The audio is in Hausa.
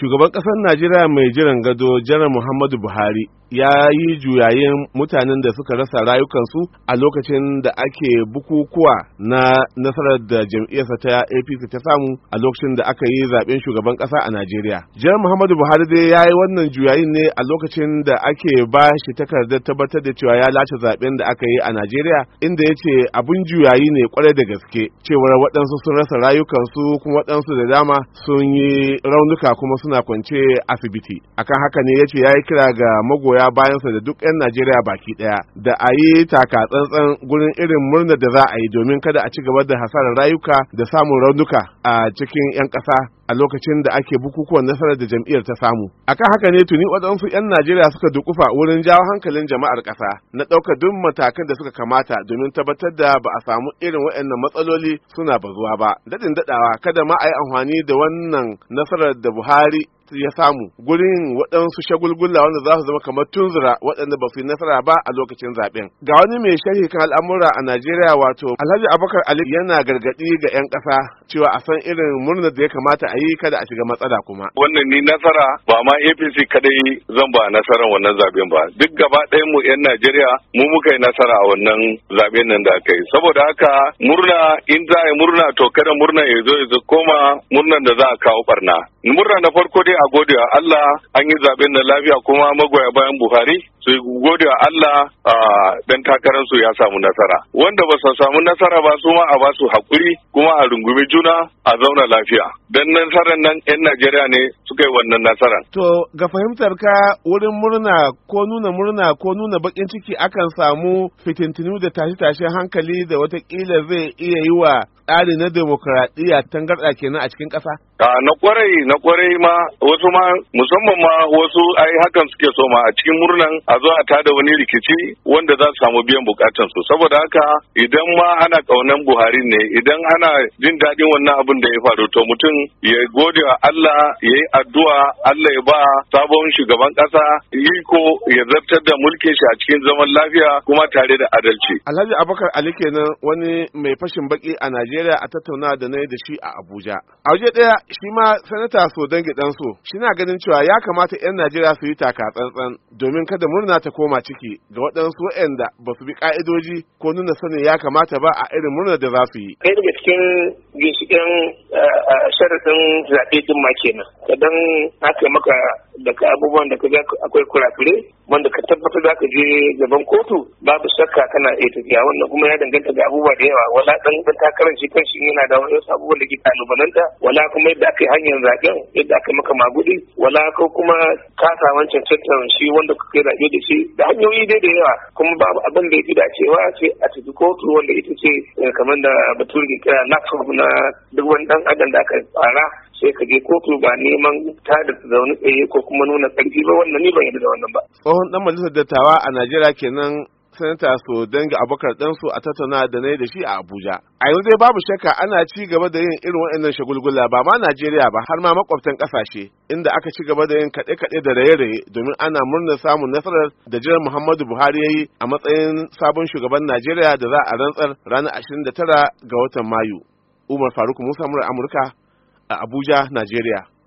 shugaban ƙasar najeriya mai jiran gado janar muhammadu buhari ya yi juyayin mutanen da suka rasa rayukansu a lokacin da ake bukukuwa na nasarar da jam'iyyarsa ta apc ta samu a lokacin da aka yi zaben shugaban kasa a najeriya Jan muhammadu buhari dai ya yi wannan juyayin ne a lokacin da ake ba shi takardar tabbatar da cewa ya lace zaben da aka yi a najeriya inda ya ce abun juyayi ne kwarai da gaske cewar waɗansu sun rasa rayukansu kuma waɗansu da dama sun yi raunuka kuma suna kwance asibiti akan haka ne ya ce ya yi kira ga magoya bayan bayansa da duk 'yan Najeriya baki ɗaya da a yi taka tsantsan gurin irin murnar da za a yi domin kada a ci gaba da hasarar rayuka da samun raunuka a cikin 'yan ƙasa a lokacin da ake bukukuwan nasarar da jam'iyyar ta samu akan haka ne tuni wadansu 'yan najeriya suka dukufa wurin jawo hankalin jama'ar ƙasa na ɗaukar duk matakan da suka kamata domin tabbatar da ba a samu irin waɗannan matsaloli suna bazuwa ba daɗin daɗawa kada ma a yi amfani da wannan nasarar da buhari ya samu gurin waɗansu shagulgula wanda za su zama kamar tunzura waɗanda ba su yi nasara ba a lokacin zaɓen ga wani mai sharhi kan al'amura a najeriya wato alhaji abubakar ali yana gargaɗi ga 'yan ƙasa cewa a san irin murnar da ya kamata a yi kada a shiga matsala kuma wannan ni nasara ba ma apc kadai zan ba nasarar wannan zaɓen ba duk gaba mu 'yan najeriya mu muka yi nasara a wannan zaɓen nan da aka yi saboda haka murna in za a yi murna to kada murna ya zo ya koma murnan da za a kawo barna murna na farko dai a gode a Allah an yi zaɓen na lafiya kuma magoya bayan Buhari su gode wa Allah dan takarar su ya samu nasara wanda ba su samu nasara ba su ma a ba su hakuri kuma a rungumi juna a zauna lafiya dan nasarar nan yan Najeriya ne suka yi wannan nasarar to ga fahimtar ka wurin murna ko nuna murna ko nuna bakin ciki akan samu fitintinu da tashe-tashen hankali da watakila zai iya yi wa tsari na demokradiyya tangarɗa kenan a cikin ƙasa? na kwarai na kwarai ma wasu ma musamman ma wasu ai hakan suke so ma a cikin murnan a zo a tada wani rikici wanda za su samu biyan bukatan su saboda haka idan ma ana kaunan buhari ne idan ana jin daɗin wannan abin da ya faru to mutum ya gode wa allah ya yi addu'a allah ya ba sabon shugaban ƙasa iko ya zartar da mulkin shi a cikin zaman lafiya kuma tare da adalci alhaji abubakar ali kenan wani mai fashin baki a najeriya a tattauna da na da shi a abuja a waje ɗaya shi ma sanata so dangi so shi na ganin cewa ya kamata 'yan najeriya su yi taka tsantsan domin kada murna suna ta koma ciki ga waɗansu waɗanda ba su bi ƙa'idoji ko nuna sanin ya kamata ba a irin murna da za su yi. Ɗaya daga cikin ginshiƙin eh, eh, sharaɗin zaɓe ɗin ma kenan. Kadan aka maka daga abubuwan da ka ga akwai kurakure wanda tabbatar da ka je gaban kotu babu shakka kana iya tafiya wannan kuma ya danganta da abubuwa da yawa wala dan dan takarar shi kan shi yana da wasu abubuwan da ke kalubalanta wala kuma yadda aka yi hanyar zaben yadda aka maka magudi wala ko kuma kasawan cancantar shi wanda kuka zaɓe da shi da hanyoyi dai da yawa kuma babu abin da ya fi dacewa ce a tafi kotu wanda ita ce eh, kamar da batun kira na duk dan adam da aka tsara sai ka je kotu ba neman ta da zaune tsaye ko kuma nuna karfi ba wannan ni ban yarda da wannan ba tsohon ɗan majalisar dattawa a Najeriya kenan sanata so danga abokar ɗansu a tattauna da na yi da shi a abuja a yanzu dai babu shakka ana ci gaba da yin irin waɗannan shagulgula ba ma najeriya ba har ma makwabtan ƙasashe inda aka ci gaba da yin kaɗe-kaɗe da raye-raye domin ana murna samun nasarar da jiran muhammadu buhari ya yi a matsayin sabon shugaban najeriya da za a rantsar ranar 29 ga watan mayu umar faruk musa murar amurka a Abuja, Najeriya.